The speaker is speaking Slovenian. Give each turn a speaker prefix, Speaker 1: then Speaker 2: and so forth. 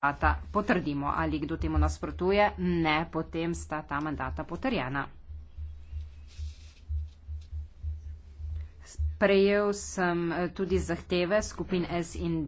Speaker 1: mandata potrdimo ali kdo temu nasprotuje, ne, potem sta ta mandata potrjena. Prejel
Speaker 2: sem eh, tudi zahteve skupin S in D.